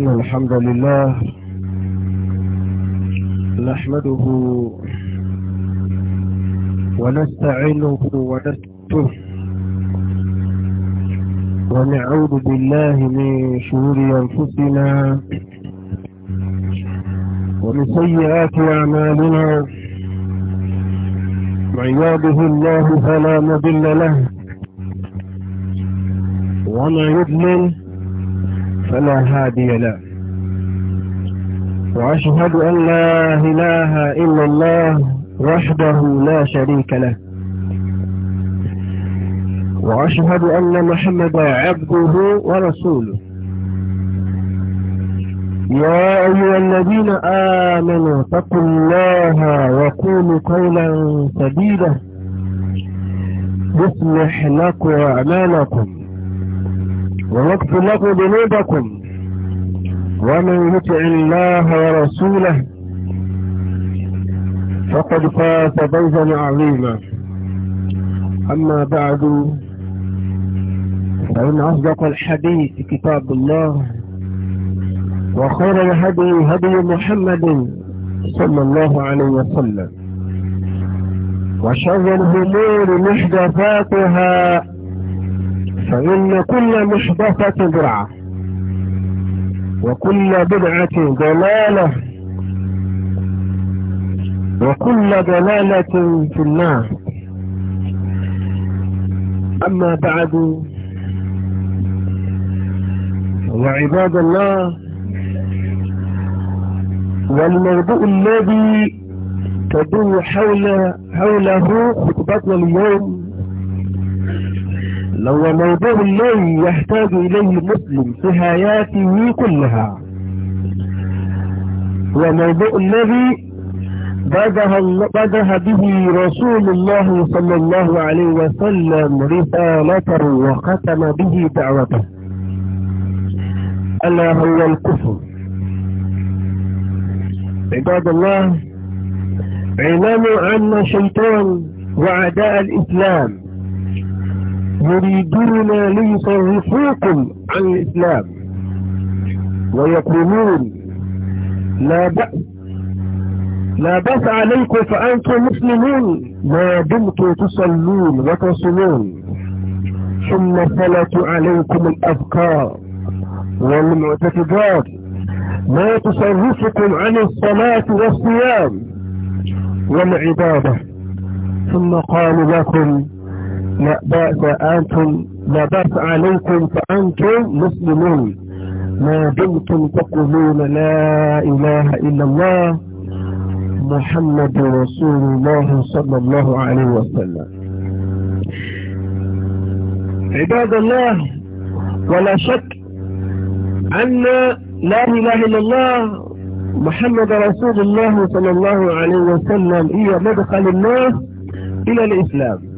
إن الحمد لله نحمده ونستعينه ونستغفره ونعوذ بالله من شرور أنفسنا ومن سيئات أعمالنا من يهده الله فلا مضل له وما يضلل فلا هادي له وأشهد أن لا إله إلا الله وحده لا شريك له وأشهد أن محمد عبده ورسوله يا أيها الذين آمنوا اتقوا الله وقولوا قولا سديدا يصلح لكم أعمالكم ويكفر لكم ذنوبكم ومن يطع الله ورسوله فقد فاز فوزا عظيما اما بعد فان اصدق الحديث كتاب الله وخير الهدي هدي محمد صلى الله عليه وسلم وشر الهمور محدثاتها فإن كل محدثة بدعة وكل بدعة ضلالة وكل ضلالة في النار أما بعد وعباد الله والموضوع الذي تدور حول حوله خطبتنا اليوم لو هو موضوع الذي يحتاج إليه المسلم في حياته كلها هو موضوع الذي بدأ به رسول الله صلى الله عليه وسلم رسالته وختم به دعوته ألا هو الكفر عباد الله اعلموا أن شيطان وعداء الإسلام يريدون ليصرفوكم عن الإسلام ويقولون لا بأس لا بأس عليكم فأنتم مسلمون ما دمتم تصلون وتصلون ثم صلت عليكم الأذكار والمعتقدات ما تصرفكم عن الصلاة والصيام والعبادة ثم قالوا لكم لا بأس أنتم لا بأس عليكم فأنتم مسلمون ما دمتم تقولون لا إله إلا الله محمد رسول الله صلى الله عليه وسلم عباد الله ولا شك أن لا إله إلا الله محمد رسول الله صلى الله عليه وسلم هي مدخل الناس إلى الإسلام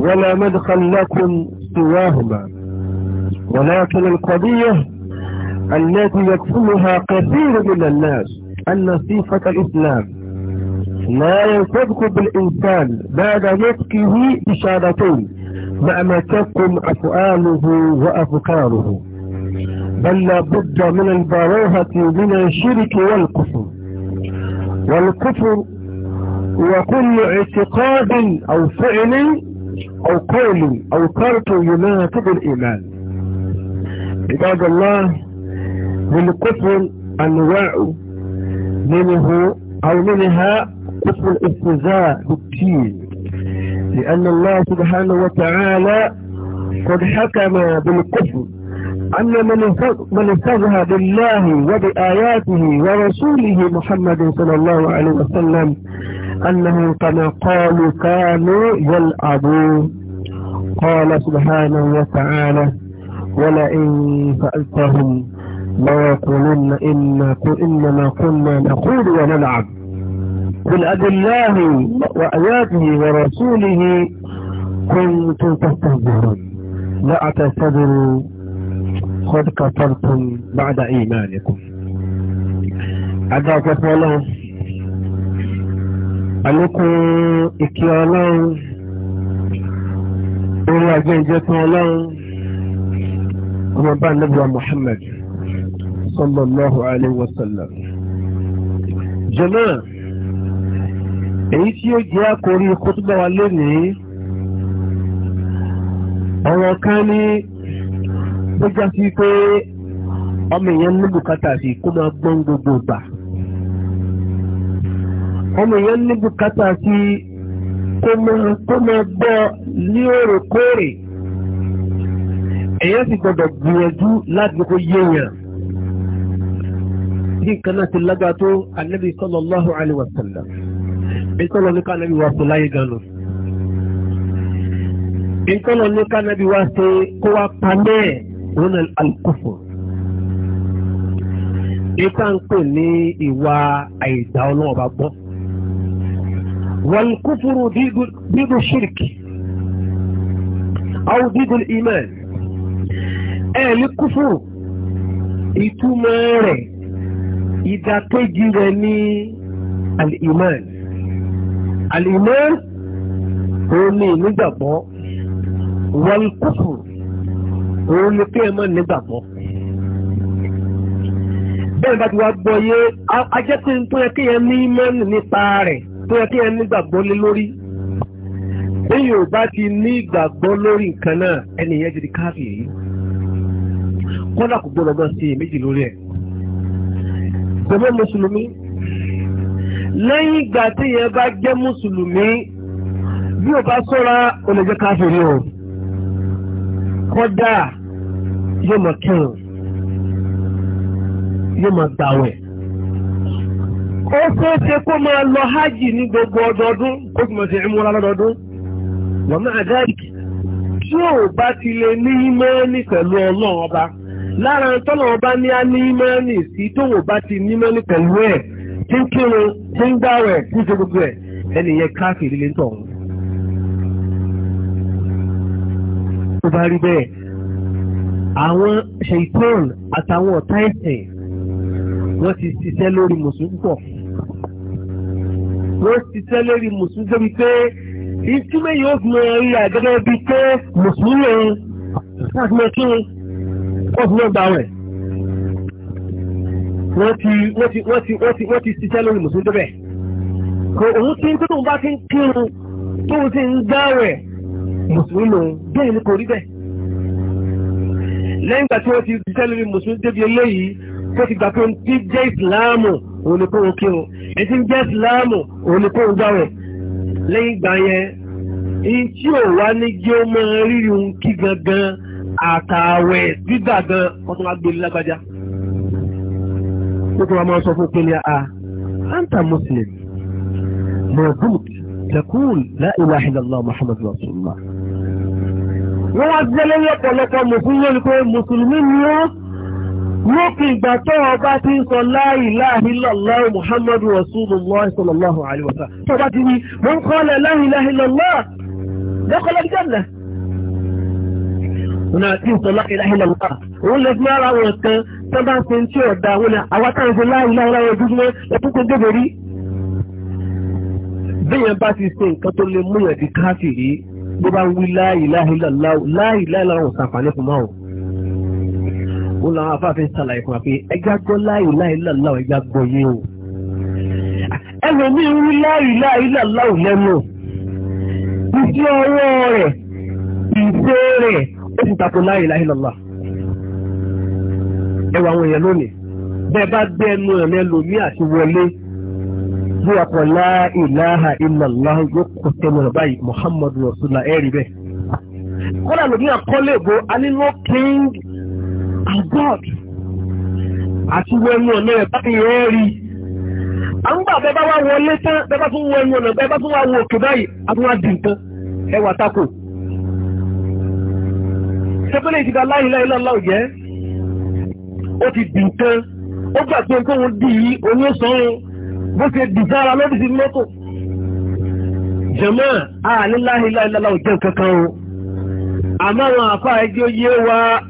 ولا مدخل لكم سواهما ولكن القضية التي يكفلها كثير من الناس أن صفة الإسلام لا ينطبق بالإنسان بعد نطقه إشارتين مهما تكن أفعاله وأفكاره بل لابد من البراهة من الشرك والكفر والكفر وكل اعتقاد أو فعل أو قول أو ترك يناقض الإيمان عباد الله للكفر أنواع منه أو منها كفر الاستهزاء بالدين لأن الله سبحانه وتعالى قد حكم بالكفر أن من استهزأ بالله وبآياته ورسوله محمد صلى الله عليه وسلم أنهم كما قالوا كانوا يلعبون قال سبحانه وتعالى ولئن سألتهم يقولن إن إنما كنا نقول ونلعب قل أبي الله وآياته ورسوله كنتم تستهزئون لا أتستهزئوا قد كفرتم بعد إيمانكم أدعوك الله àlékún mm. ìkẹ́ ọlọ́run orí agbẹ́jẹ́ fún ọlọ́run ọmọ bá nígbà Muhammad sallallahu alaihi wasallam jẹ́mọ́ èyí tí ó jẹ́ àkórí kútúbà wa lónìí ọ̀rọ̀ kan ní tó já sí pé ọmọ èèyàn ní sí kó máa gbọ́n gbogbo ìgbà ọmọ èèyàn ní bùkátà sí kó máa gbọ́ ní òrèkóòrè èèyàn sì gbọdọ̀ gbìyànjú láti kó yéèyàn bí nǹkan náà ti lágbàá tó anabi sallallahu alaihi wa sallam ìtọ́lọ ní kánàbí wa fún láyé ganu ìtọ́lọ ní kánàbí wa ṣe kó wa pamẹ́ òun alkufur ìta ń pè ní ìwà àìdá ọlọ́wọ́ bá gbọ́ والكفر ضد الشرك أو ضد الإيمان أهل الكفر ìtumọ̀ إذا تجرني الإيمان الإيمان òun ni ìnígbàgbọ́ wọlùkùfù òun ni pé ẹmọ nígbàgbọ́ bẹ́ẹ̀ bá ti wá gbọ́ yé ajẹ́pẹ́ tó yẹ kéèyàn ní mẹ́rin nípa rẹ̀ tó yẹ kí ẹ nígbàgbọ́ lé lórí bẹ́yìn ò bá ti ní ìgbàgbọ́ lórí nǹkan náà ẹni yẹn ti di káàkiri kọ́dà kò gbọ́dọ̀ gan sí méjì lórí ẹ̀ bẹ̀rẹ̀ mùsùlùmí lẹ́yìn ìgbà tí yẹn bá jẹ́ mùsùlùmí bí ò bá sọ́ra ò lè jẹ́ káàkiri o kọ́dà yóò mọ̀ kírun yóò mọ̀ gbàwẹ̀. ó tó ṣe kó máa lọ hajj ní gbogbo ọdọọdún kó sì mọ̀ ìmúra lọ́dọọdún wọ́n máa dáìkì tí ò bá ti lè ní ímẹ́ẹ́nì pẹ̀lú ọlọ́run ọba lára tọ́nà ọba ní a ní ímẹ́ẹ́nì sí tóun ò bá ti ní ímẹ́ẹ́nì pẹ̀lú ẹ̀ tí ń kírun tí ń tí ń ṣe gbogbo ẹ̀ ẹni yẹn káàkiri tọ̀hún. wọ́n ṣiṣẹ́ lórí mùsùlùmí débi pé ìtumẹ̀ yóò fi mọ rí àgẹ́gẹ́ bíi pé mùsùlùmí lòun láti mọ kí wọ́n fi mọ gbà wẹ̀. wọ́n ti wọ́n ti wọ́n ti wọ́n ti wọ́n ti ṣiṣẹ́ lórí mùsùlùmí débẹ̀. kò òun ti ń tó tóun bá ti ń kírun tóun ti ń gbà wẹ̀ mùsùlùmí lòun bẹ́ẹ̀ ni kò rí bẹ́ẹ̀. lẹ́yìn ìgbà tí wọ́n ti ṣiṣẹ́ lórí mùsùlùmí débi eléyìí tó ti gbà pé ń ti jẹ́ ìsìláàmù òun ni kóhun kírun ẹni tí ń jẹ́ ìsìláàmù òun ni kóhun gbàwẹ̀ lẹ́yìn ìgbà yẹn èyí tí ò wá ní jẹ́ ó mọ rírì ohun kí gangan àtàwẹ̀ gbígbà gan wọ́n tún wá gbé lágbájá wọ́n tún wá máa sọ fún pé a anta muslim mọ̀bùt takul la ilaha muhammadu rasulullah wọ́n wá gbẹ́lẹ́yìn ọ̀pọ̀lọpọ̀ mùsùlùmí ni ó lókè ìgbà tó ọba ti ń sọ la ilaha illallah muhammadu rasulullah sallallahu alaihi wa sallam tó bá ti ní wọ́n kọ́lẹ̀ la ilaha illallah lọ́kọ́lẹ́ jẹ́nà wọn àti ìsọ la ilaha illallah òun lè fi ara wọn kan tó bá ṣe ń tí ọ̀dà wọn àwọn táwọn ṣe la ilaha illallah dúdúmọ́ ẹ̀kúkú débòrí nǹkan tó lè múyàn di káfìrí bó bá ń wí la ó làwọn afáfẹ́ sàlàyé fún wa pé ẹgbẹ́ gbọ́ láìláì làláwọ̀ ẹgbẹ́ gbọ́ yé o ẹlòmíì ń wí láìláì làláwọ̀ lẹ́nu iṣẹ́ ọwọ́ rẹ̀ ìṣe rẹ̀ ó sì tako láìláì làláwọ̀ ẹwà àwọn èèyàn lónìí bẹ́ẹ̀ bá gbé ẹnu ẹ̀rẹ́ lòmí àti wọlé bí ọkọ̀ láìláha illallah yóò kọ́ tẹnu rẹ̀ báyìí muhammadu rasulullah ẹ̀rí bẹ́ẹ̀ kọ́lá lòmí àkọ́lé king God àti ọ̀nà rí bá wá wọlé tán bá tún ọ̀nà bá tún wá wọ òkè báyìí a tún wá dì nǹkan ẹ wà tako sẹ́pẹ́lẹ̀ ìdìbò aláìláìláìlá òjẹ́ ó ti dì nǹkan ó gbà pé nǹkan òun dì í òun ó bó ṣe dì sára lọ́dún sí mọ́tò jẹ̀mọ́ àìláìláìláìlá òjẹ́ o àmọ́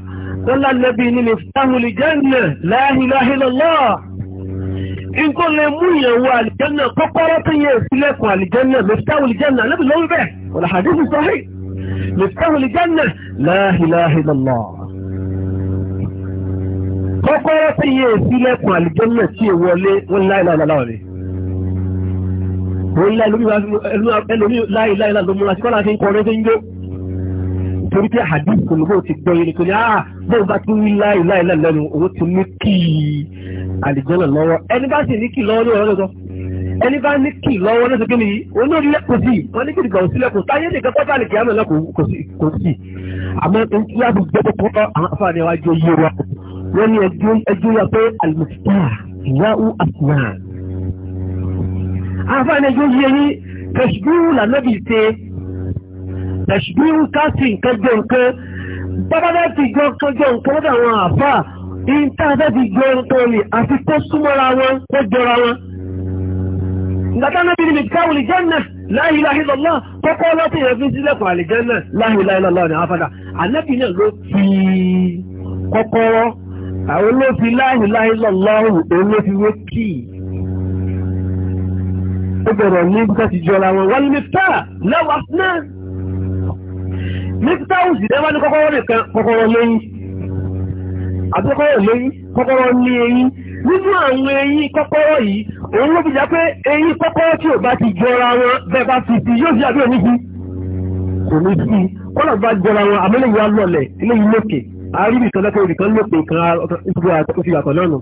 lọ́lá lẹ́bí ní ní fáhùlìjẹ́nà láhìláhìlọ́lọ́ in kó lè mú ìyẹ̀wò àlìjẹ́nà kọ́kọ́rọ́ tó yẹ ìsílẹ̀kùn àlìjẹ́nà lẹ́fítáhùlìjẹ́nà lẹ́bí lọ́wọ́ bẹ́ẹ̀ wọ́n hadiisi sahih lẹ́fítáhùlìjẹ́nà láhìláhìlọ́lọ́ kọ́kọ́rọ́ tó yẹ ìsílẹ̀kùn àlìjẹ́nà tí è wọlé wọn láìláìláìláì rẹ̀ wọ́n láìláìláìláì ló múra sí kọ́lá fi ń kọrin tó ń jó torí pé hadith kò ní bó ti gbọ́ yìí kò ní ah bóun bá tún wí láì láì láì lẹ́nu owó ti mú kì í àlìjọ́nà lọ́wọ́ ẹni bá sì ní kì lọ́wọ́ lóòrọ́ lọ́sọ ẹni bá ní kì lọ́wọ́ lọ́sọ kí ni olórí lẹ́kọ̀ọ́ sí wọn ní kìdìgbà òsílẹ̀kùn táyé nìkan pátá nìkì àmọ́ náà kò sí àmọ́ ẹni tí wọ́n gbẹ́dọ̀ pọ́tọ́ àwọn afáàní wa jẹ́ yé wa wọ́n ní ẹjọ́ yà pé àlùmọ̀sítà ìyáwó àtìyà àfáàní ẹjọ́ yẹ yín kẹ̀ṣùgbọ́n lànà bìí ṣe tẹ̀ṣùgbìrú káàsì nǹkan jọ nǹkan bábábá ti jọ nǹkan jọ nǹkan lọ́dọ̀ àwọn àfà ìntàfẹ́ ti jọ nǹkan ni àti kó súnmọ́ra wọn kó jọra wọn. ìgbàdá náà bí ni mìtíkáwò lè jẹ́nà láìláìlọ́lá kọ́kọ́ láti yẹn fi sílẹ̀kùn àlìjẹ́nà láìláìlọ́lá ni àfàdà ànábì náà ló fi kọ́kọ́rọ́ àwọn olófin láìláìlọ́lá olófin wé kíì ó bẹ̀rẹ̀ ní bí ká ti jọra wọn wọ́n ní mẹ́ta lẹ́wàá mísítà òsì tẹ́ bá ní kọ́kọ́rọ́ nìkan kọ́kọ́rọ́ lẹ́yìn àti kọ́kọ́rọ́ lẹ́yìn kọ́kọ́rọ́ ní eyín nínú àwọn eyín kọ́kọ́rọ́ yìí òun ló fi jà pé eyín kọ́kọ́rọ́ tí ò bá ti jọra wọn bẹ́ẹ̀ bá ti yóò fi àbí òní fi kò ní sí kọ́nà bá jọra wọn àmọ́ lẹ́yìn wa lọlẹ̀ lẹ́yìn lókè àárín ìkan lọ́kọ̀ ìkan lókè kan ìdúró àtọ̀ náà nù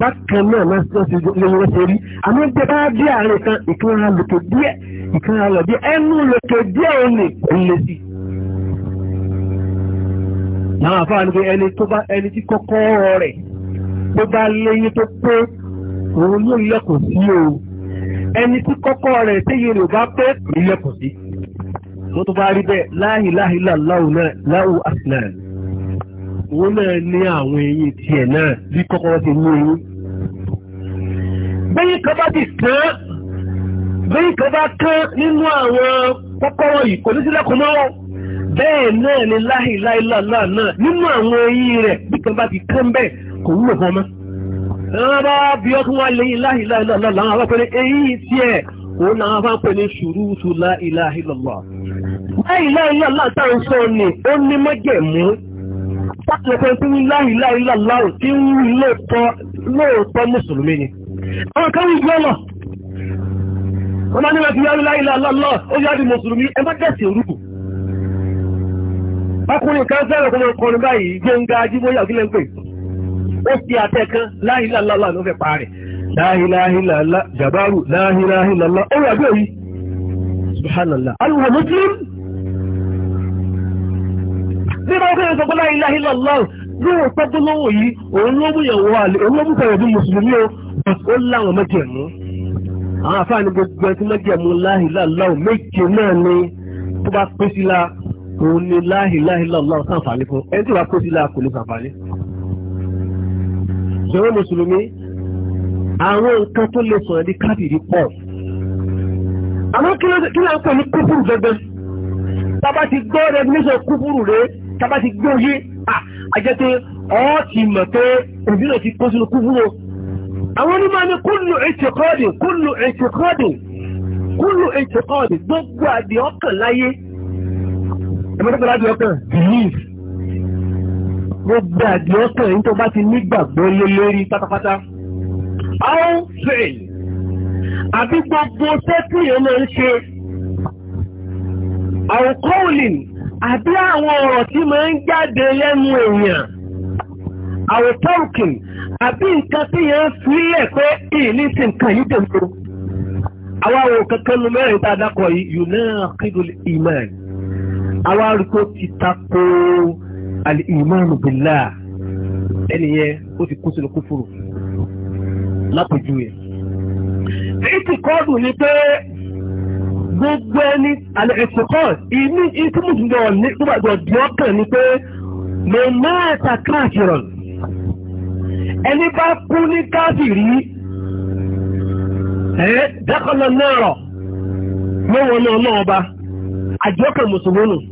bákan náà máa sọ sí lóyún wọn ṣe rí àmọ́ jẹ bá bí àárín kan ìkan ara lòkè díẹ̀ ìkan ara lọ díẹ̀ ẹnu lòkè díẹ̀ òun lè kò lè sí àwọn àfáà ní pé ẹni tó bá ẹni tí kọ́kọ́rọ́ rẹ̀ tó bá léyìn tó pé òun ló lẹ́kùn sí o ẹni tí kọ́kọ́rọ́ rẹ̀ téye rẹ̀ bá pé kò lẹ́kùn sí wọ́n tó bá rí bẹ́ẹ̀ la ilaha illallahu láwù asnan òun náà ní àwọn eyín tiẹ̀ náà bí kọ́kọ́rọ́ ti mú eyín bẹ́yìn kan bá ti kán bẹ́yìn kan bá kán nínú àwọn kọ́kọ́rọ́ yìí kò ní sílẹ̀kùn náà bẹ́ẹ̀ náà ni láìláìláà náà nínú àwọn eyín rẹ̀ bí kan bá ti kán bẹ́ẹ̀ kò wúlò fún ẹ̀rọ bá bí ọkùn wá lẹ́yìn láìláìláà láwọn afẹ́fẹ́ eyín tí ẹ̀ òun làwọn afẹ́ pè ní ṣùrùtù láìláìláà láìláìláà táwọn sọ ni ó ní mọ́jẹ̀mú pàtàkì tí ni àwọn kan wù gbọ́lọ̀ wọ́n máa ní wọ́n ti yá láìláìláà ó yá ọkùnrin kan fẹ́ràn kó máa iji báyìí gbẹ̀ngà ajíbóyà òkìlẹ̀ ń pè ó fi kan láìláìláìlá ló fẹ́ pa rẹ̀ láìláìláìlá jàbáàrù ó rà bí òyì subhanallah alùwà muslim bí wọ́n kọ́ ẹ̀sọ́ pẹ́lá ilá ìlọ́lọ́ tọ́jú lọ́wọ́ yìí òun ló mú àlè òun ló mú bí mùsùlùmí o ó láwọn àwọn gbogbo ẹtí méje náà ni tó bá òun ni láhìláhìláhìlá sàǹfààní fún ẹni tí wàá kó sílá kò lè sàǹfààní. ṣòro mùsùlùmí àwọn nǹkan tó lè sọ̀rọ̀ ní kábìrì pọ̀. àmọ́ kí ló ń pè ní kúfúrú gẹ́gẹ́ tábà ti gbọ́ definition kúfúrú rẹ̀ tábà ti gbọ́ yé àjẹtẹ ọ́ ti mọ̀ pé òbí náà ti kó sínú kúfúrú. àwọn onímọ̀ ni kúlù ètìkọ́ọ̀dì kúlù ètìkọ́ọ̀dì kúlù ètìkọ́ọ̀dì gbogbo àdìọ́kàn láyé ìmọ̀tẹ́tọ̀ láti ọkàn believe gbogbo àdì ọkàn yìí tó bá ti nígbàgbọ́ lé lórí pátápátá all fail àbí gbogbo sẹ́tì yẹn máa ń ṣe àwòkọ́ọ̀lìn àbí àwọn ọ̀rọ̀ tí máa ń jáde lẹ́nu èèyàn àwòtọ́ọ̀kìn àbí nǹkan tí yẹn ń filẹ̀ pé ìní sí nǹkan yìí dèmó àwọn àwòkẹ́kẹ́ nu mẹ́rin tá a dákọ̀ yìí yóò náà kígbe ìmọ̀ ẹ̀ àwọn arúgbó ti tako al-imanu billah ẹnìyẹn ó ti kó sínú kúfùrù lápòjú yẹn. ìtìkọ́dù ni pé gbogbo ẹni àlẹ́ ìtìkọ́ ìní ìtìmùtìmọ̀ ní gbogbo ọ̀dọ́kàn ni pé mo máa ta káàkiri ẹni bá kú ní káàkiri ẹ̀ dákọ̀lọ́ náà rọ̀ lọ́wọ́ náà náà ọba àjọkàn mùsùlùmí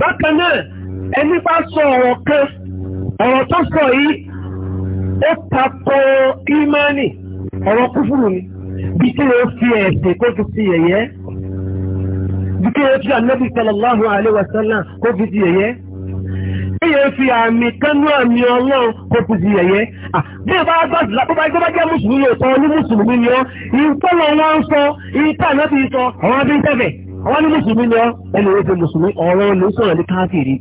bákan náà ẹni bá sọ ọ̀rọ̀ kan ọ̀rọ̀ tó sọ yìí ó tako ìmánì ọ̀rọ̀ kúfùrù ni bí kí ló fi ẹ̀sìn kó fi ti yẹ̀yẹ́ bí kí ló fi ànábì sallallahu alaihi wasallam kó fi ti yẹ̀yẹ́ èyí fi àmì kánú àmì ọlọ́run kó fi ti yẹ̀yẹ́ bí ẹ bá gbà sí lápá báyìí tó bá jẹ́ mùsùlùmí lóòótọ́ ní mùsùlùmí ni ọ́ ìtọ́lọ́ wọn ń sọ ti sọ àwọn abẹ́ńtẹ́fẹ̀ẹ́ àwọn ní mùsùlùmí ni ọ ẹni wọ́n ti mùsùlùmí ọ̀rọ̀ ló sọ̀rọ̀ ní káfìrí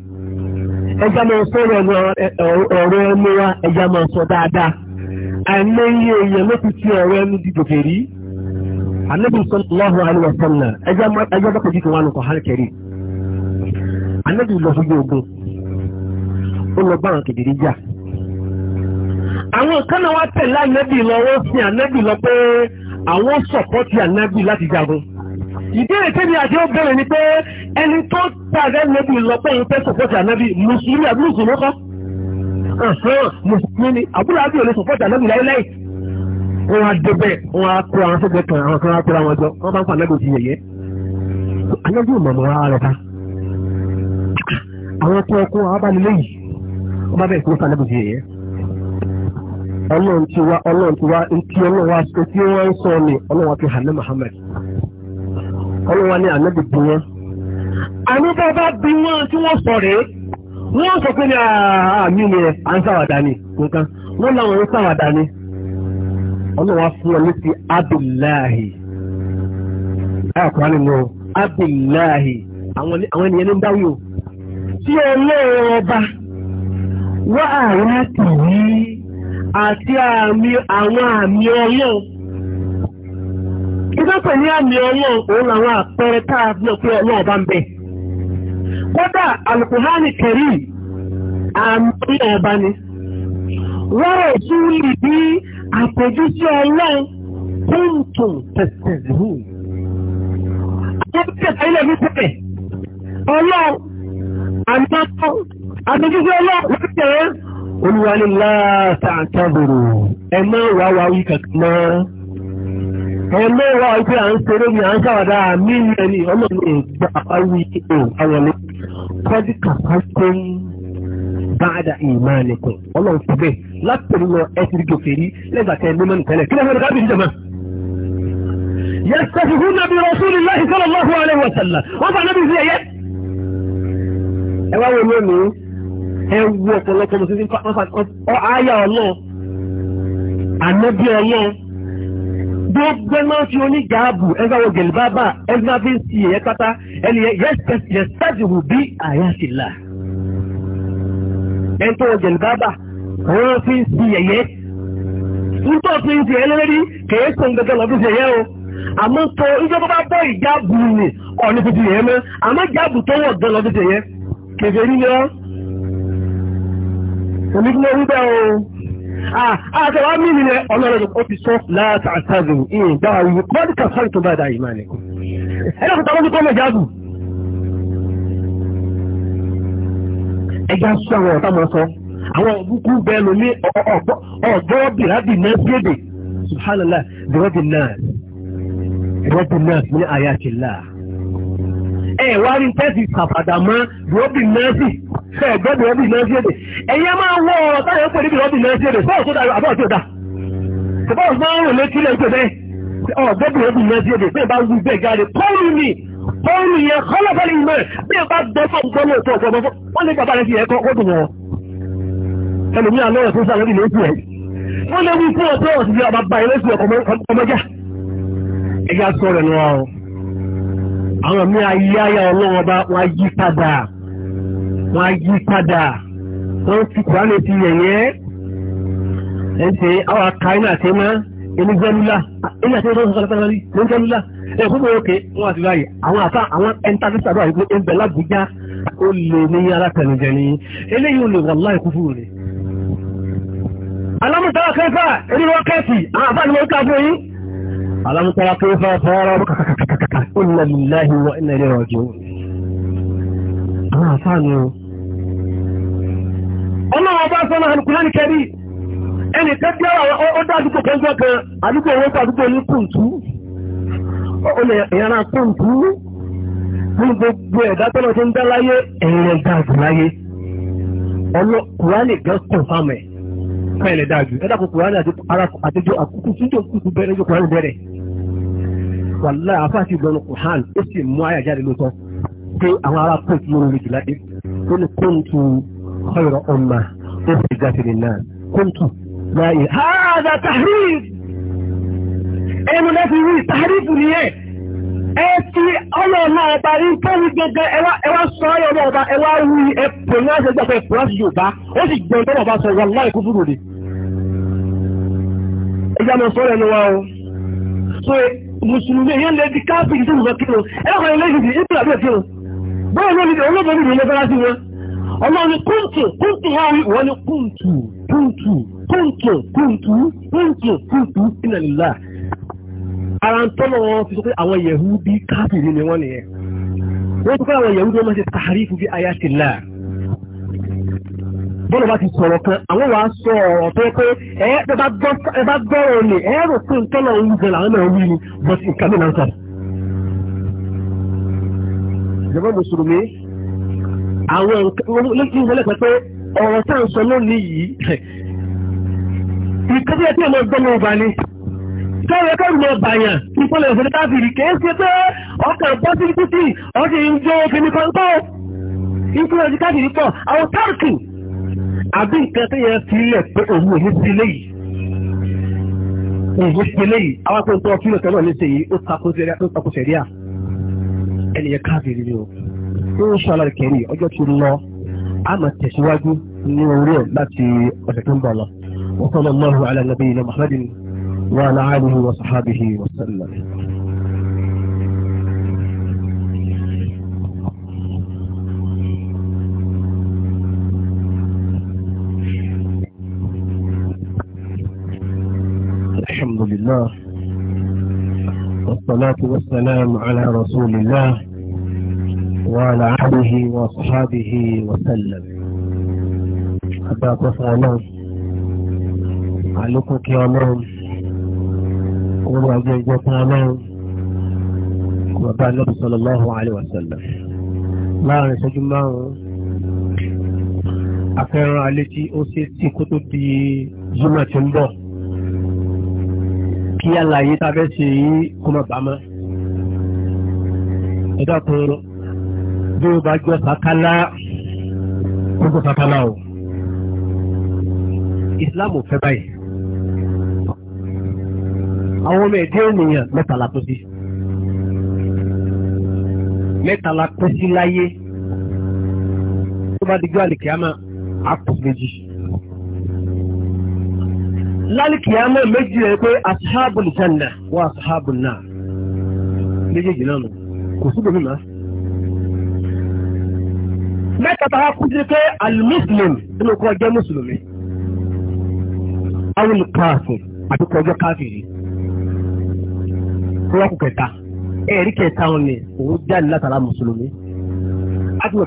ẹja máa sọ̀rọ̀ ní ọ̀rọ̀ ẹnu wa ẹja máa sọ dáadáa àìmọye èèyàn ló ti fi ọ̀rọ̀ ẹnu di gòkèrí anabi sallallahu alaihi wa sallam ẹja bá kojú tiwọn nǹkan hàn kẹrì anabi lọ sí ogun ó lọ bá àwọn kèdèrè jà àwọn kan náà wá tẹ̀lé anabi lọ wọ́n sin anabi lọ pé àwọn sọ̀pọ̀ anabi láti jagun ìbéèrè tẹ́bi àti ó bẹ̀rẹ̀ ni pé ẹni tó tàgẹ́ nẹ́bí lọ́pẹ́ yìí fẹ́ sọ̀pọ̀tì ànábì mùsùlùmí àbí mùsùlùmí kọ́ mùsùlùmí ni àbúrò àbí òní sọ̀pọ̀tì ànábì láíláì wọn á débẹ̀ wọn á kó àwọn sọ̀pọ̀ kan àwọn kan á kóra wọn jọ wọn bá ń fa ànábì òsì yẹ̀yẹ́ ànábì mọ̀mọ́ ara rẹ̀ ká àwọn tó ọkọ abánilé yìí wọn bá bẹ̀rẹ̀ kó fa ànábì òsì yẹ̀yẹ́ ọlọ́run ti wá ọlọ́run ti wá ntí ọlọ́run wá sọ tí wọ́n ń sọ ni ọlọ́run ti hàn ní Muhammad ọlọ́wọ́ ní ànábì bí wọ́n. àmì bàbá bí wọ́n tí wọ́n sọ wọ́n sọ pé ní àmì ah, ah, ah, rẹ̀ à ń sàwàdà ni nǹkan wọ́n láwọn ń sàwàdà ni ọlọ́wọ́ fún ọ létí abdullahi mọ́ abdullahi àwọn ènìyàn ní ń dáwọ́ tí wọ́n àwọn àmì ìfẹ́pẹ̀ ní àmì ọlọ́run òun làwọn àpẹẹrẹ bí ń bẹ kódà alukuhani kẹrí àmì ọba ni wọ́n ò tún lè bí àpèjúsí ọlọ́run tuntun tẹ̀sẹ̀ hù. àwọn kẹta ilé mi tẹ̀lé àmì ọkọ àpèjúsí kankan náà. ẹlẹ́wà ìpé à ń ṣeré ní à ń ṣàwàdà mímú ẹni ọlọ́run ìgbà awí òwàwọlé kọ́dí kàkàkọ́ báadà ìmánìkùn ọlọ́run ti bẹ́ẹ̀ látòrí lọ ẹtì rí gòkèrí lẹ́gbàtẹ́ mímọ́nì tẹ́lẹ̀ kí lẹ́gbàtẹ́ kábíyèsí jọba. yẹtẹfihun nàbí rasulillahi sallallahu alaihi wa sallam wọn fà nàbí sí ẹyẹ. ẹ wá wo lónìí ẹ wú ọ̀pọ̀lọpọ̀ mọ̀ gbogbo náà fi onígàábù ẹgbẹ́ wo gẹ̀lìbábà ẹgbẹ́ fi ń si ẹ̀yẹ pátá ẹni yẹn sẹ́sìwò bí àyà sì là. ẹni tó wọ gẹ̀lìbábà wọ́n fi ń si ẹ̀yẹ. nítorí fi ń si ẹ̀yẹ lórí kèé sọ gbẹgbẹ́ lọ fi ń si ẹ̀yẹ o. àmọ́ tó ìjọba bá bọ́ ìjáàbù ni ọ̀nì fi ti yẹ mọ́ àmọ́ ìjáàbù tó wọ̀ gbẹ lọ fi ti yẹ. kèfèrí ni wọ́n. Ah, ah, àtẹ̀wá mí ni ọlọ́run ó ti sọ láti àtàzù ìyìn gbára wíwú kọ́ọ̀dì kàfáì tó bá dá ìmá ni ẹ̀rọ kọta wọ́n ti kọ́ mẹ́jáàbù ẹja sọ àwọn ọ̀tá mọ́ sọ àwọn òbúkú bẹ́ẹ̀ ló ní ọ̀gbọ́ bìrádì nẹ́sídẹ̀ẹ́ subhanallah bìrọ́dì náà bìrọ́dì náà ní àyàtìláà ẹ wá rí tẹ́sí sàfàdà mọ́ bùrọ́bì nọ́ọ̀sì ṣe ẹ̀gbẹ́ bùrọ́bì nọ́ọ̀sì èdè ẹ̀yẹ́ máa wọ ọ̀rọ̀ táyọ̀ pé ní bùrọ́bì nọ́ọ̀sì èdè bọ́ọ̀ tó dára àbọ̀ tó dá ṣùgbọ́n máa ń rò létí lẹ́ pé ọ̀gbẹ́ bùrọ́bì nọ́ọ̀sì èdè pé bá wù bẹ́ẹ̀ jáde pọ́ùlù ni pọ́ùlù yẹn kọ́lọ́fẹ́lì mẹ́ bí bá gbẹ́fọ́ gbọ́lọ́ tó ọ̀gbọ́n wọ́n ní bàbá rẹ̀ fi ẹ̀kọ́ ó dùn wọn ẹlòmí àlọ́rọ̀ tó sàlẹ́bì lókù ẹ̀ wọ́n lè wí fún ọ̀tọ́ ọ̀sìn ọba bàbá ilé sí ọkọ̀ ọmọjá ẹ̀yà sọ̀rọ̀ ní wa ọ́ àwọn mí ayé ayá ọlọ́wọ́ bá wọ́n yí padà wọ́n yí padà wọ́n ti kùránì ti yẹ̀yẹ́ ẹ̀ ń ṣe àwọn akáyínà àti ẹ̀mọ́ ẹnìjẹ́lúlá ẹnìjẹ́lúlá ẹ̀ fún mi òkè wọ́n àti báyìí àwọn àfa àwọn ẹ̀ńtàfẹ́sà àdúrà yìí pé ẹ̀ńbẹ̀ lábùjá ó lè ní alátẹnujẹ ni eléyìí ò lè wà láì kú fún rẹ̀. alámùsára kẹfà eré wọ́kẹ́ẹ̀tì àwọn àfa ni mo ń ká fún yín. ألم ترى كيف صار إنا لله وإنا إليه راجعون آه ثاني الله أبا صلى القرآن الكريم ẹnì kan jẹ́ àdúgbò kan àdúgbò owó àdúgbò ní kùntù olè ìyára kùntù ní gbogbo ẹ̀dá tó ń dá láyé dáàbò láyé kùránì dáàbò ẹ̀dá wàláhì àfáàtì ìgbọ́nu kùhán ó sì mú àyà jáde lóòótọ́ pé àwọn ará pọ̀ tí wọ́n rí jù ládé ó ní kóńtù ọ̀rọ̀ ọ̀mà ó sì gàtì nìyà kóńtù láàyè hàdà tahrif ẹnu lẹ́fi rí tahrif nìyẹn ẹ ti ọlọ́ọ̀lá ọba rí pẹ́lú gẹ́gẹ́ ẹwà sọ ọlọ́ọ̀lá ọba ẹwà wí ẹ pè ní àṣẹ gbàgbẹ́ ìfúrásì yorùbá ó sì gbọ́n tọ́lọ̀ bá sọ wàláhì kúfúrú ni. ẹja lọ sọ ọ́ lẹ́nu wa o mùsùlùmí èyàn lè di káàpì ìdí ìwọ̀n kí o ẹ̀kọ́ ilé ìdí ìpìlẹ̀ àbí ẹ̀kí o bọ́ọ̀ ló nílò olóògbé nílò ilé fẹ́lá sí wọn ọlọ́run kúntù kúntù wọn wí wọn ni kúntù kúntù kúntù kúntù kúntù kúntù inna lillah ara ń tọ́lọ̀ wọn fi sọ pé àwọn yẹ̀húdí káàpì ni wọ́n nìyẹn wọ́n sọ pé àwọn yẹ̀húdí wọ́n máa ṣe tààrí fún bí ayati Allah bọ́ọ̀lù bá ti sọ̀rọ̀ kan àwọn wàá sọ ọ̀rọ̀ tó pé ẹ bá gbọ́ òní ẹ rò pé nǹkan náà ń jẹ làwọn náà wí ni but nǹkan mi náà sọ. ìjọba mùsùlùmí àwọn nǹkan ìwọlé pẹ́ pé ọ̀rọ̀ tá à ń sọ lónìí yìí nǹkan bí ẹ tí ẹ máa gbọ́ mi ò bá ní kẹ́rẹ́ kẹ́rù lọ bàyàn ìpínlẹ̀ òfin káfíìrì kìí ṣe pé ọkọ̀ pọ́sibítì ọ̀sìn ń jó obìnrin kan tó ìpínlẹ̀ òfin káfíìrì pọ̀ àwọn táàkì àbí nǹkan tó yẹ sílẹ̀ pé òun ò ní sí léyìí òun ò sí léyìí àwọn tó ń tọ́ fílẹ̀ tọ́lọ̀ ní sèyí ó takò sẹ́ríà ó takò sẹ́ríà ẹnìyẹn káàkiri ni o ó ń ṣàlàyé kẹrì ọjọ́ tí lọ a máa tẹ̀síwájú ní orí ẹ̀ láti ọ̀sẹ̀ tó ń bọ̀ lọ wa sallallahu ala nabiyina muhammadin wa ala alihi wa sahabihi wa sallam. لله والصلاة والسلام على رسول الله وعلى آله وصحابه وسلم حتى تفعلون عليكم كيامون ومعجل جتامون وبعد النبي صلى الله عليه وسلم ما نسجم afẹ́ràn alé أسيتي كتبتي جمعة tí kí àlàyé tàbẹ́ ṣe yìí kó mọ̀ bá mọ́ ẹ̀dá kan bí ó bá gbọ́ sàkálá ó gbọ́ sàkálá o Islam fẹ́ báyìí àwọn ọmọ ẹ̀dẹ́ ènìyàn mẹ́ta la tó sí mẹ́ta la tó sí láyé tó bá digbó àlìkíyàmá àpò méjì. lálìkìyàmọ́ méjì rẹ̀ pé ashabul janna wa ashabun nar méjèèjì náà nù kò sí gómìnà. mẹ́ta kú sí pé alimuslim nínú kọ́ jẹ́ mùsùlùmí àwọn olùkọ́àfin àti kọjọ́ káfíìrì tó kẹta ẹ̀rí kẹta wọn ni òun jáde látara mùsùlùmí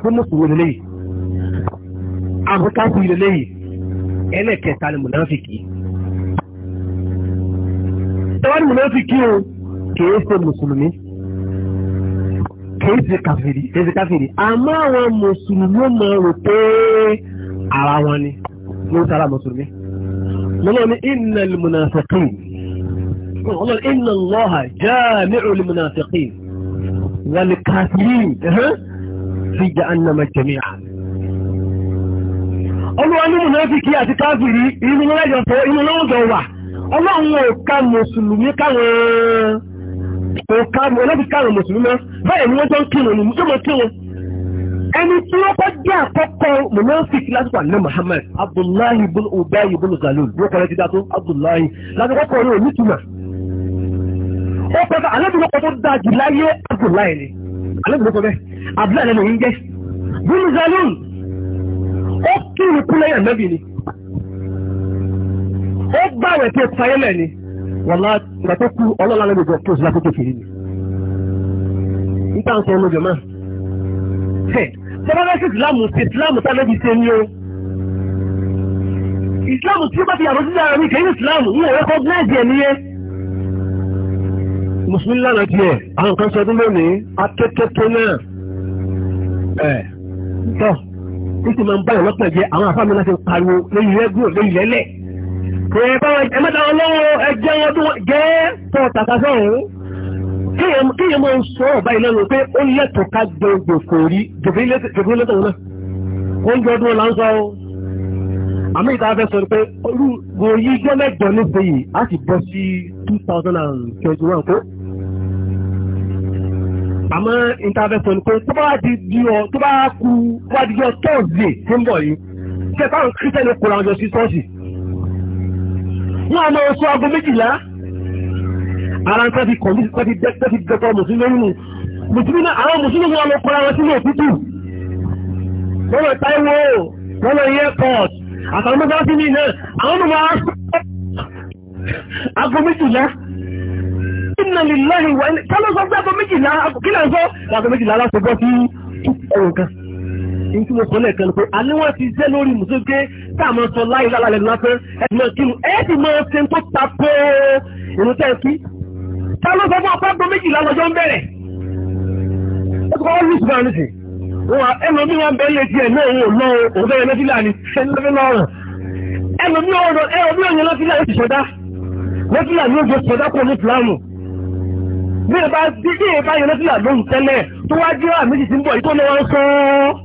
pé mùsùlùmí àwọn káfíìrì ẹlẹ́kẹta wá ní mùnáfíkí o kìí ṣe mùsùlùmí kìí ṣe kàfìrí kìí ṣe kàfìrí àmọ́ àwọn mùsùlùmí mọ̀ rò pé ara wọn ni ló sára mùsùlùmí lọ́nà ní innal munafiqin lọ́nà inna Allaha jami'ul munafiqin wal kafirin fi jahannama jami'a olúwa ní mùnáfíkí àti kàfìrí inú lọ́jọ́ wà ọlọ́run ò ká mùsùlùmí káwọn kò ká ọlọ́bí káwọn mùsùlùmí báyìí ni wọ́n jọ ń kírun ní mùsùlùmí kírun ẹni tí wọ́n kọ́ jẹ́ àkọ́kọ́ monofik lásìkò àná Muhammad Abdullahi ibn Ubay ibn Salul wọ́n kọ́ lẹ́tí dátó Abdullahi lásìkò kọ́ ní onítùmọ̀ ó pẹ́ fẹ́ alẹ́bìnrin tó dáa jù láyé Abdullahi ni alẹ́bìnrin tó bẹ́ Abdullahi lẹ́nu yìí jẹ́ ibn Salul ó kírun kúlẹ̀ yàn mẹ́bì ni ó gbàwẹ̀ tó fayẹ́lẹ̀ ni wàlá ìgbà tó kú ọlọ́lá lẹ́nu ìjọ tó sílá tó kékeré ni nígbà ń sọ ọmọ jọ̀mọ́ ẹ̀ sọ́dọ́dọ́ sí ìsìlámù sí ìsìlámù tá lẹ́bi ṣe ni o ìsìlámù tí ó bá ti yàtọ̀ sí ara mi kì í ní ìsìlámù ń wọ̀wé kọ́gínáìsì ẹ̀ nìyẹn mùsùlùmí lánàá tiẹ̀ àwọn kan sọdún lónìí akékèké náà ẹ̀ tọ́ ó sì máa ń báyọ̀ lọ́pọ̀ jẹ́ àwọn àfáàmì láti pariwo lórí rẹ́gùn lórí lẹ́lẹ̀ ẹ̀mẹ́ta ọlọ́wọ́ ẹjẹ́ ọdún jẹ́ tọ́ tàkàṣọ́ ọ̀hún kíyàn mọ́ ń sọ ọ̀bá ìlẹ́nu pé ó lẹ́tọ̀ ká jẹ gbòkò rí jòfin lẹ́tọ̀ náà ó ń jọ ọdún ọ̀la ń sọ ọ́ àmì ìta fẹ́ sọ pé orú wòye jẹ́ mẹ́jọ níbi yìí á sì bọ́ sí two thousand and twenty one kó àmọ́ ìta fẹ́ sọ pé tó bá di di ọ tó bá kú wá di ọ tọ́ọ̀sì tí ń bọ̀ yìí ṣe táwọn kírísítẹ́nì kóra ọjọ́ sí ṣọ́ọ̀ṣì wọ́n a máa sọ aago méjìlá ara ń tẹ́fi kọ̀ nípa ti dẹ́kẹ́fi dẹ́kọ̀ mùsùlùmí nínú mùsùlùmí náà àwọn mùsùlùmí wọn lọ kọ́ra wọn sínú òtútù lọ́nà Táíwò lọ́nà airport àtàwọn mọ́tà sí mi náà àwọn ọmọ wa sọ sọ pé méjìlá ní tí mo sọ lẹ́ẹ̀kan ni pé àní wọ́n ti jẹ́ lórí mùsùlùmí pé tá a máa sọ láyé lálẹ́ lásán ẹ̀dì máa kírun ẹ̀dì máa ṣe tó ta pé ìrún tẹ́ kí. ta ló sọ fún apágbọ́ méjìlá lọ́jọ́ ń bẹ̀rẹ̀. ó ti kọ́ lùsùn náà nìsín. ẹlòmí wọn bẹ́ẹ̀ lè tiẹ̀ náà òun ò lọ òun fẹ́ yẹn lọ́fíìlà ni ẹlòmí òun lọ́fíìlà yóò ti sọdá lọ́fíìlà yóò ti sọdá kó ní fìlànù bí ẹ yẹn lọ́fíìlà lóhùn tẹ́lẹ̀ tó wá àmì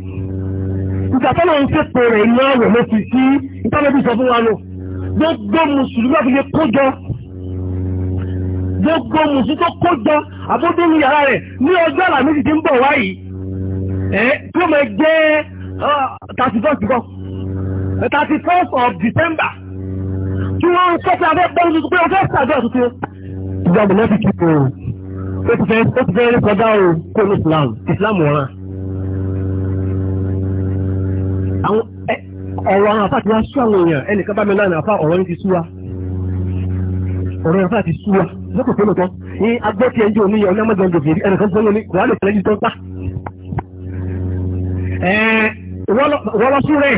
ìgbàtọ́lọ̀ ń ṣètò rẹ̀ iná rẹ̀ ló fi sí ìtọ́lẹ́bí sọ fún wa lò gbogbo mùsùlùmí àfi lè kójọ gbogbo mùsùlùmí tó kójọ àbójú ní yàrá rẹ̀ ní ọjọ́ àlàmísì ti ń bọ̀ wáyìí ẹ̀ tí ó máa jẹ́ thirty first kan thirty first of December tí wọ́n ń sọ́kẹ́ abẹ́ bẹ́ẹ̀ ní pé ọjọ́ ìsàdọ̀ tuntun ìjọba náà ti kí o ó ti fẹ́ kọjá o kó ní Islam Islam wọ́n rán. ọ̀rọ̀ àwọn àfáà ti wá sú àwọn èèyàn ẹnìkan bá mi náà àfáà ọ̀rọ̀ yìí ti ọ̀rọ̀ yẹn àfáà ti sú wa tó lọ́tọ́ ní agbẹ́ ẹjọ́ ọjọ́ fèrè ẹnìkan tó pa. sí rẹ̀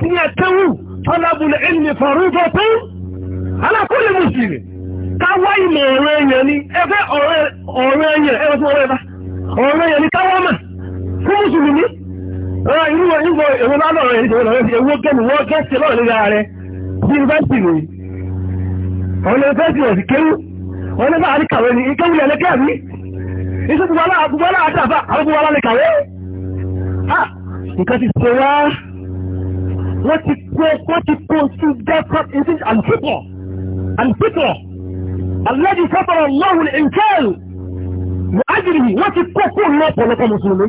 ti ní àtẹ́wù tọ́lábùlẹ̀ ẹni fàrúdọ̀ tó alákùnrin mùsùlùmí káwá ìmọ̀ ọ̀rọ̀ ẹ̀yàn ni ẹgbẹ́ irú ìgbò èrò lánà rẹ̀ nítorí lọ́rẹ́ fi ewó gẹ́mù wọ́n gẹ́sì lọ́rọ̀ nígbà rẹ̀ sí yunifásitì ni ọ̀nà yunifásitì rẹ̀ sì kéwú wọ́n nígbà àti kàwé ni ìkéwú lẹ̀ lẹ́kẹ́ àbí iṣẹ́ gbogbo aláàtàfà àwọn gbogbo alálẹ̀ kàwé nǹkan ti sọ wá wọ́n ti kó wọ́n ti kó sí gẹ́kọ́ ìsìn àlùfípọ̀ àlùfípọ̀ alẹ́dì sọ́tọ̀rọ̀ lọ́rùn ìǹkẹ́ẹ̀lù wọ́n ti kó kó lọ́pọ̀lọpọ̀ mùsùlùmí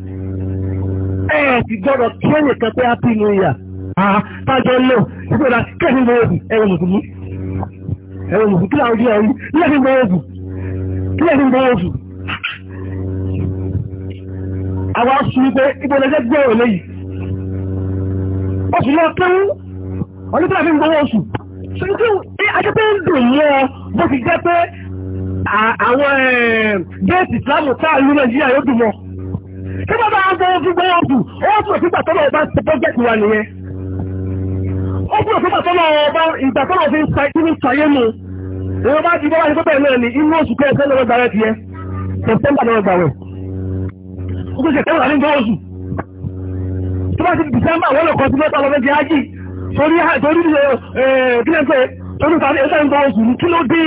ẹ̀ ti gbọ́dọ̀ kí ẹ̀yìn kan pé happy new year àtàjọ lò ìgbọ́dọ̀ kẹ́sìn gbọ́ oògùn ẹ̀rọ mùsùlùmí ẹ̀rọ mùsùlùmí kí làwọn ojú ẹ̀rí kẹ́sìn gbọ́ oògùn kẹ́sìn gbọ́ oògùn. àwa sùn pé ìgbọ́dọ̀ jẹ́ gbọ́ òun léyìí oṣù lọ kéwú ọdún tí a fi ń gbowó oṣù ṣùgbọ́n tí akẹ́kọ̀ọ́ ń dùn mọ́ ọ bó ti jẹ́ pé àwọn déètì ìsìlámù tá a lú nàìjíríà yóò dùn mọ́ ọ. tí bàbá àgbà ojú gbé ọ̀bù ó fún ọba pọ́jẹ́kì wa nìyẹn ọba ìgbà fi ń sa inú sàyé mu èèyàn bá ti bọ́ wáyé náà ní inú oṣù kẹsẹ́ lọ́wọ́ gbàrẹ́ tiẹ̀ sẹ̀tẹ́mbà lọ́wọ́ gbàrẹ́ ó kún sẹ̀tẹ́mbà ní gbọ́ oṣù tó bá ti dìsẹ́mbà wọ́n lọ kọ́ sí mẹ́ta lọ́wọ́ ti ájì torí torí eh, eh, kí ló dé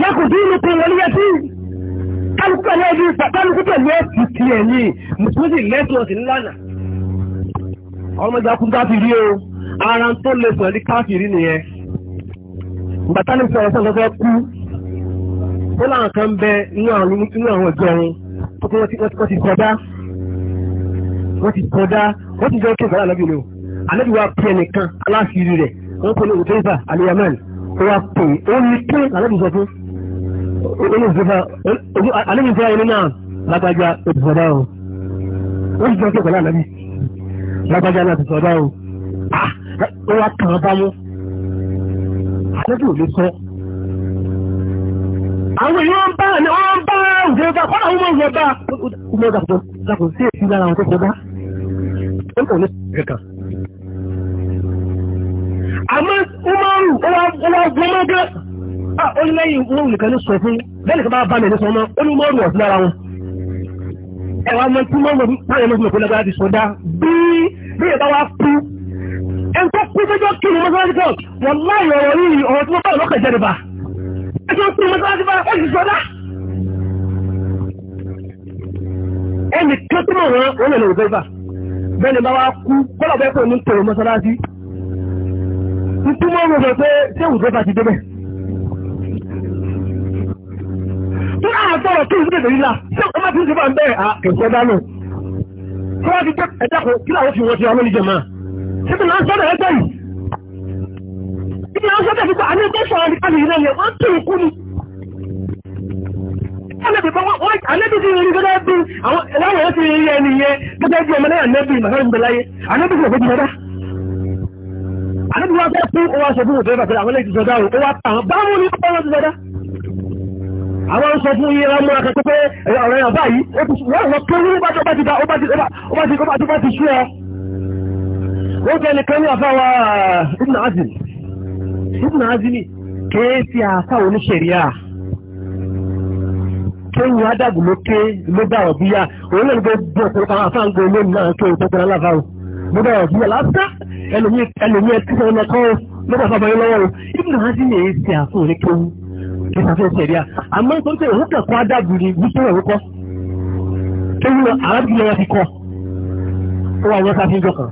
lákòókò ìlú pé wọlé yẹ kálukú ẹ̀lẹ́ ẹ̀lú ìgbà kálukú pẹ̀lú ẹ̀sì ti ẹ̀ ní mùsùlùmí lẹ́sùn ọ̀sìn ńlànà ọmọdé akún káfíìrí o ara tó lè sọ̀rọ̀ ní káfíìrí nìyẹn bàtà ní sọ̀rọ̀ sọ̀rọ̀ fẹ́ kú ó láwọn kan bẹ inú àwọn inú àwọn ọjọ́ wọn tó kọ́ wọ́n ti kọjá wọ́n ti kọjá wọ́n ti jẹ́ kí ìgbàlá lọ́bì ni o alẹ́bí wa pè nìkan aláṣìírí rẹ̀ wọ́n kọ́ ní òtẹ́fà àlẹ́yàmẹ́ni ó wá pè ó ní kí alẹ́bí sọ fún ojú ìfẹ́fà ojú alẹ́bí ìfẹ́ ẹni náà lágbájá òtùsọ̀dá o wọ́n ti jọ sí ìpẹ̀lẹ́ àlẹ́bí lágbájá náà òtùsọ̀dá o ah, ó wá kàn án báyọ́ alẹ́bí ò lè sọ. àwọn èèyàn ń bá ní wọ́n ń bá òṣèlú kọ́ àwọn ọmọ ìyẹn bá ọmọ ìdàpọ̀ ìdàpọ̀ sí èsì lára àwọn tó kọjá ó kàn ní kankan. àmọ́ ó máa ń rù ó wá Ah, ó ní lẹ́yìn wọn nìkan ní sọ fún bẹ́ẹ̀ nìkan bá bá mi ní sọ mọ́ ó ní mọ́ọ̀rù ọ̀sùn lára wọn. ẹ wá mọ tí mọ́ọ̀rù táyà mọ́ọ̀rù kò lágbára ti sọ dá bí bí ìbá wa kú. ẹ ń kọ́ kú fẹ́jọ́ kí ni mọ́sálásí kan wọ́n láì ọ̀rọ̀ yìí ọ̀rọ̀ tí wọ́n bá lọ́kàn jẹ́ nípa. ẹ ti ń kú mọ́sálásí bá ó sì sọ dá. ẹnì kan tí mọ̀ wọn wọn lè lọ òbẹ́fà bẹ́ẹ̀ ni bá wa kú kọ́lọ̀ bẹ́ẹ̀ kò ní tó náà sọ̀rọ̀ kí ìlú kèfèrí là tí ọkọ̀ máa ti ń ṣe bá ń bẹ́ẹ̀ àkẹ́kẹ́ ah, dánù tí wọ́n ti jẹ́ ẹ̀dàkọ̀ kí làwọn fi wọ́n ti ọmọ níjẹ̀ máa síbi náà sọ́dọ̀ ẹgbẹ́ yìí ibi náà sọ́dọ̀ fipá àní ẹgbẹ́ sọ̀rọ̀ nípa nìyí náà yẹ wọ́n tún ikú ni Anẹ́bí ti rí gẹ́gẹ́ bí àwọn ẹlẹ́wọ̀n yẹn ti rí ẹni yẹn gẹ́gẹ́ bí ọmọ náà Anẹ́bí màkàrí ń bẹ láyé. Anẹ́bí ti rẹ̀ fẹ́ Anẹ́bí wá fẹ́ fún ọwọ́ aṣọ fún òtẹ́fà pẹ̀lú àwọn ilé ìtìsọdá ò wá pa àwọn báwọn ní ọwọ́ ìtìsọdá sọ fún yín rámú akẹ́kọ̀ọ́ pé ọ̀rẹ́ yàn báyìí wọ́n lọ kéwú bá tó bá ti bá ti ti sú ọ. wọ́n jẹ́ nìkan ní àfáwà ibùnà azìlì ibùnà azìlì kéèsì àfá oníṣẹ̀ríà kéwú adágún ló ké ló bá ọ̀ bíyà òun náà gbogbo ọ̀pọ̀lọpọ̀ àwọn afáǹgbò olóòmù náà kéwú tó tẹ̀lé aláfáà mo bá ọ̀ bíyà lásán ẹlòmíì ẹlòmíì ẹ kí n fẹ́ sẹ̀ríà àmọ́ nítorí pé òun kẹ̀kọ́ adájú ni wíṣọ́ rẹ̀ kọ́ tó wúlò arábìnrin wọn ti kọ́ ó wà wọn sáfíjọ kan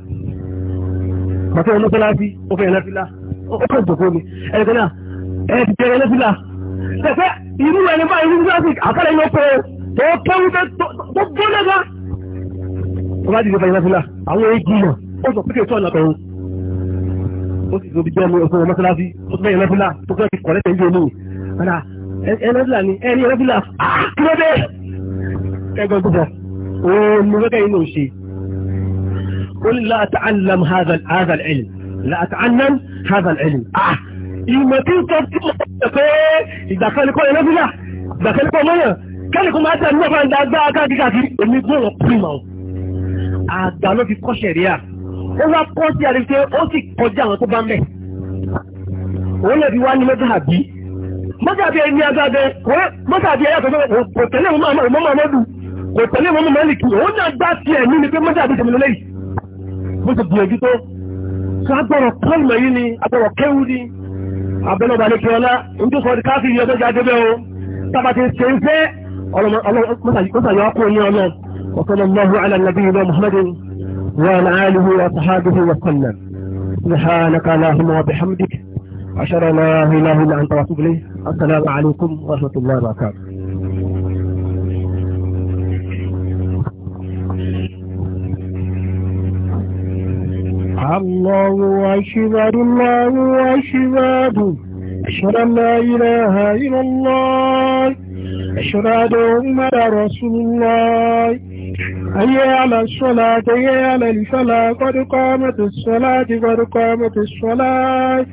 bàtà ẹ̀ lọ́fẹ́lá sí ó fẹ́ ẹlẹ́fílà ó kọ́ ìjọ̀kọ́ ni ẹ̀ẹ́dẹ́gbẹ́ náà ẹ̀ẹ́dì jẹ́ ẹlẹ́fílà tẹ̀fẹ́ irú ẹni bá irú graphic àkàrẹ̀ yóò pé tó kéwú tó gbóná bá ó bá dìde bàyìí lọ́fẹ́lá àwọn èjì náà ó sọ pé tó ọ̀nà kan ó sì tóbi jẹ́ ọmọ mọ́sálásí ó tún bẹ́yìn lọ́fẹ́lá tó fẹ́ kọ̀rẹ́tẹ̀ ń padà ẹnẹ́bílà ni ẹni ẹnẹ́bílà ah, kílódé ẹgbẹ́ gbọ́dọ̀ òun mo fẹ́kẹ́ inú ṣe ó ní látàálàm hazal ẹ̀lì látàálàm hazal ẹ̀lì ìmọ̀ tí ń sọ tí mo sọ pé ìgbàkanikọ́ ẹnẹ́bílà ìgbàkanikọ́ mọ́yàn kẹ́lẹ̀kọ́ máa tẹ̀ nígbà ń dágbà káàkiri àti èmi gbọ́rọ̀ prima o àgbà ló fi kọ́ṣẹ̀ rí à ó wá kọ́ sí àrífẹ́ ó sì kọjá àwọn tó bá mẹ́ òun lè fi wá ní mẹ́ta àbí mọ́sàbí ẹni agbáde mọ́sàbí ẹyà tọ́jọ́ kò tẹ̀lé mọ́ mọ́mọ́dù kò tẹ̀lé mọ́ mọ́lìkì òun náà gbá sí ẹ̀mí ni pé mọ́sàbí tẹ̀lé lẹ́yìn bó ti gbìyànjú tó sọ agbọ̀rọ̀ pọ́ọ̀lù yìí ni agbọ̀rọ̀ kéwú ni abẹ́lọ́ba ní kíọ́lá ń tó sọ di káfí yìí ọjọ́ jáde bẹ́ẹ̀ o tábà ti ṣe ń fẹ́ mọ́sàbí الله على نبينا محمد وعلى آله وصحابه وسلم سبحانك اللهم وبحمدك أشهد أن لا إله إلا أنت وأتوب إليك السلام عليكم ورحمة الله وبركاته الله أشهد الله أشهد أشهد أن لا إله إلا الله أشهد أن محمد رسول الله هيا على الصلاة هيا على الفلاة قد قامت الصلاة قد قامت الصلاة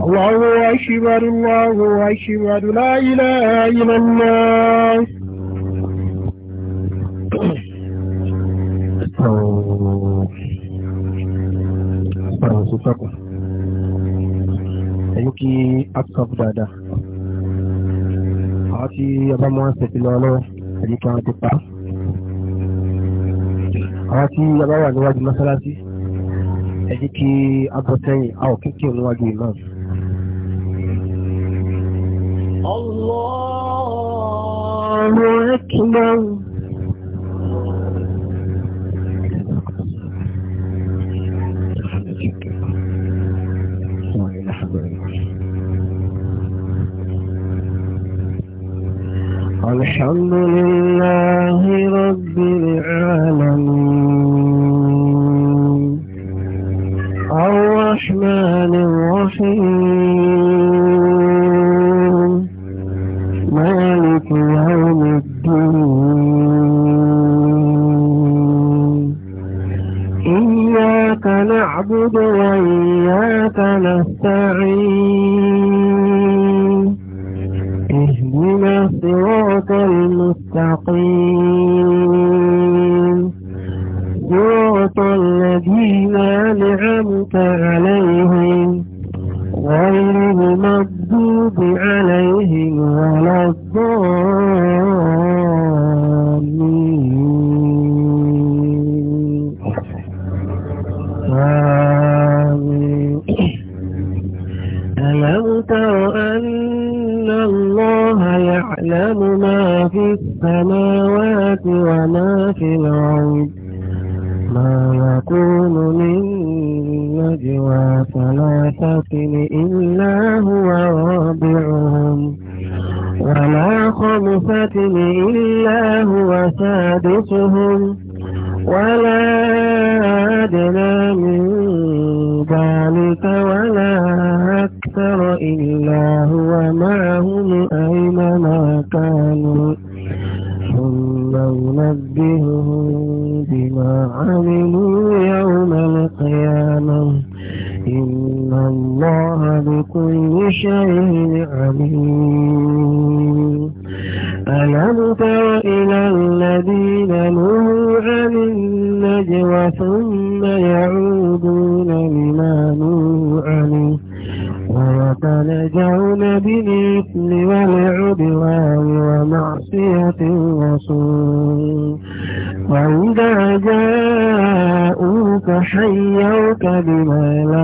الله أكبر الله أكبر لا إله إلا الله ẹ̀yìn kí apsop dáadáa àwọn tí ọba mọ́ ń sẹ̀tì lọ lọ́wọ́ ẹ̀yìn kí wọ́n ti pa àwọn tí ọba wà níwájú mọ́sálásí ẹ̀yìn kí abọ́sẹ́yìn a ò kíkì níwájú ìmáàmù الله أكبر الحمد لله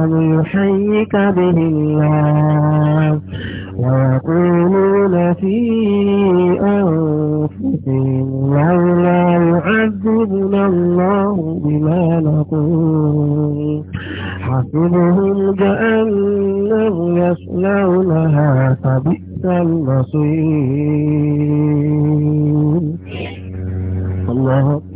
الله يحييك به الله ويقولون في أنفسهم لولا يعذبنا الله بما نقول حسبهم جأنهم يصلونها فبئس المصير الله أكبر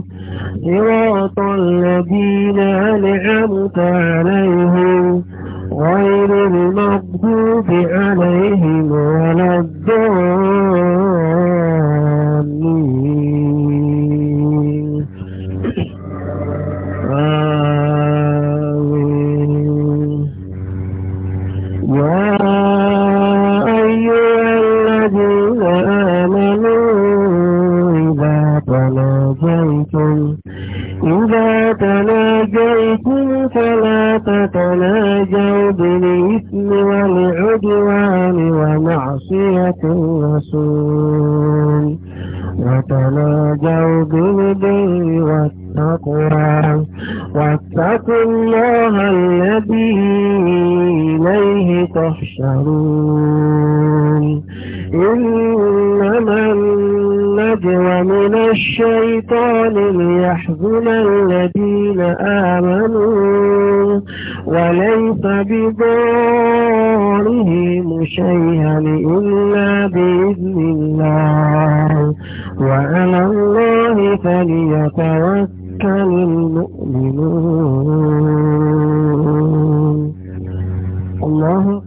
صراط الذين أنعمت عليهم غير المغضوب عليهم ولا تناجوا بالإثم والعدوان ومعصية الرسول وتناجوا بالبر والتقوى واتقوا الله الذي إليه تحشرون إنما النجوى من الشيطان ليحزن الذين آمنوا وليس بضارهم شيئا إلا بإذن الله وعلى الله فليتوكل المؤمنون الله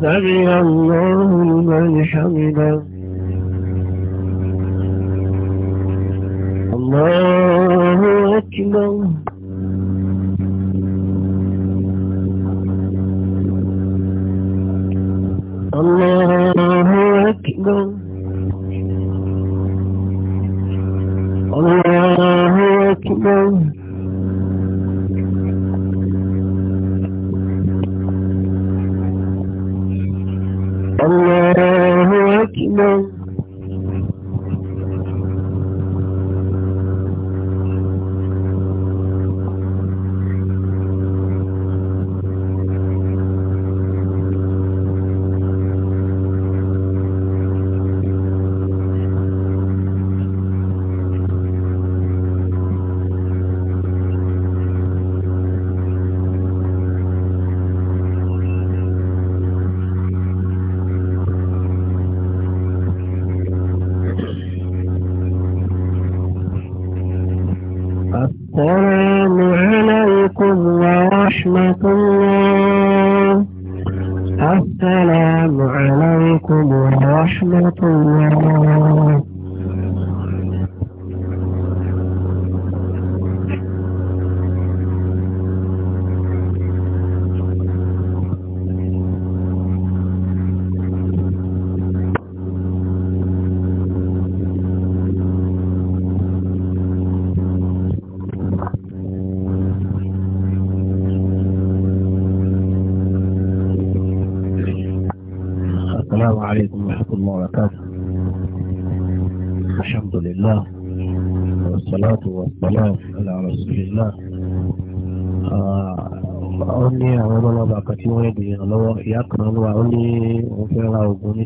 سبح الله لمن حمده I'll Allah let you go. tí wọ́n rẹ̀ dìyàn lọ́wọ́ ìyá kan wà ó ní òun fẹ́ ra oògùn ní